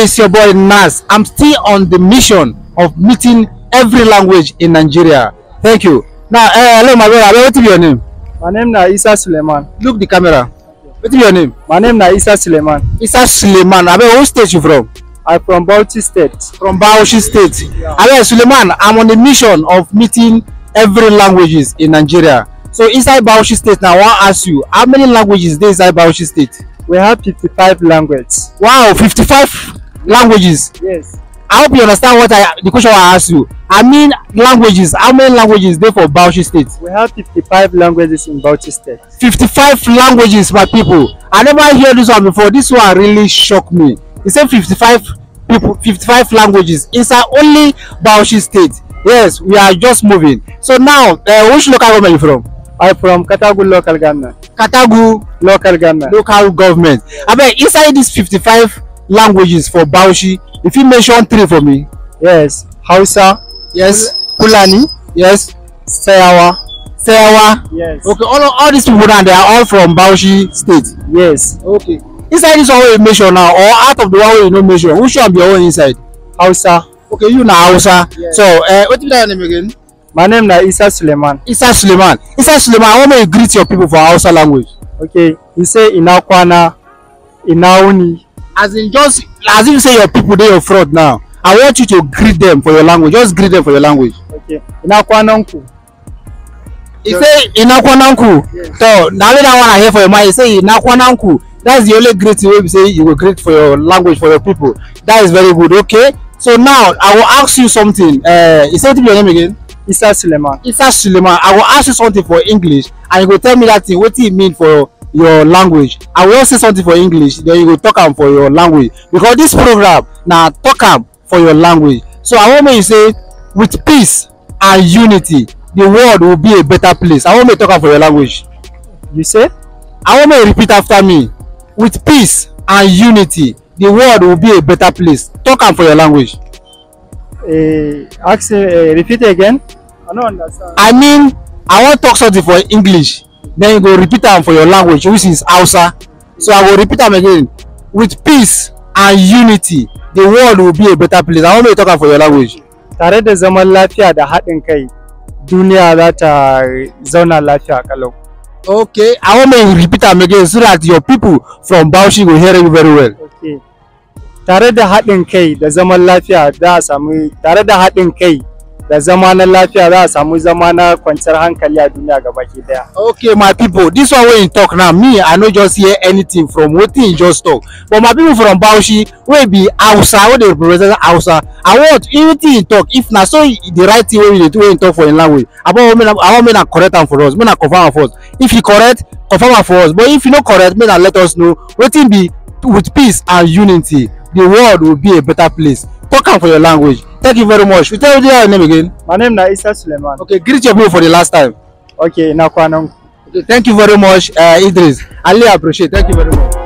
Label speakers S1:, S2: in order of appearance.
S1: it's your boy Nas. I'm still on the mission of meeting every language in Nigeria. Thank you. Now, uh, hello, my brother. What is your name? My name is Isa Suleiman. Look the camera. What is your name? My name is Isa Suleiman. Isa Suleiman. Where state you from? I'm from Bauchi State. From Bauchi State. Yeah. Abe, Suleiman, I'm on the mission of meeting every languages in Nigeria. So inside Bauchi State now, I want to ask you, how many languages there inside Bauchi State? We have 55 languages. Wow, 55 languages. Yes. I hope you understand what I the question I asked you. I mean languages. How many languages there for Bauchi State? We have 55 languages in Bauchi State. 55 languages, my people. I never heard this one before. This one really shocked me. He said 55 people, 55 languages inside only Bauchi State. Yes, we are just moving. So now, uh, which local government are you from? I'm from Katagu local government. Katagu local government. Local government. I mean, inside this 55 languages for Bauchi if you mention three for me. yes Hausa. yes Fulani. yes Sayawa. Sayawa. yes okay all all these people now they are all from Bauchi state. yes okay inside this one wey you mention now or out of the one wey you no mention which one be your own inside. Hausa. okay you na Hausa. yes so uh, eh, wetin be your name again. my name na Isa Suleiman. Isa Suleiman. Isa Suleiman How wan you greet your people for Hausa language. okay you say ina kwana ina wuni as in just as in say your people dey your fraud now i want you to greet them for your language just greet them for your language. okay inakwananku. he yes. say inakwananku yes. so na only that one i hear for your mind he say inakwananku that's the only greeting wey be say you go greet for your language for your people that is very good okay so now i go ask you something uh, he say wetin be your name again. isa suleman. isa suleman i go ask you something for english and you go tell me that thing wetin e mean for your language i wan say something for english then you go talk am for your language because this program na talk am for your language so i wan make you say with peace and unity the world will be a better place i wan make you talk am for your language you say i wan make you repeat after me with peace and unity the world will be a better place talk am for your language. Uh, ask uh, repeat again i no understand. i mean i wan talk something for english then you go repeat am for your language which is hausa so i go repeat am again with peace and unity the world will be a better place i want make talk am for your language. tare da zaman lafiya da haɗin kai duniya za ta zauna lafiya kalau. okay i want make repeat am again so that your people from bauchi go hear you very well. okay tare da haɗin kai da zaman lafiya da a samu tare da haɗin kai da zama na lafiya za a samu zama na kwanciyar hankali a duniya gabaki daya. Okay my people this one wey you talk now me I no just hear anything from wetin you just talk but my people from Bauchi wey be Hausa wey dey represent Hausa I want anything you talk if na so the right thing wey you dey do wey you talk for im language I wan make na correct am for us make na confirm am for us if you correct confirm am for us but if you no correct make na let us know wetin be with peace and unity the world will be a better place. Welcome for your language. Thank you very much. We tell you your name again. My name is Isa Suleiman. Okay, greet your people for the last time. Okay, now Okay, thank you very much, uh, Idris. Ali, appreciate. Thank you very much.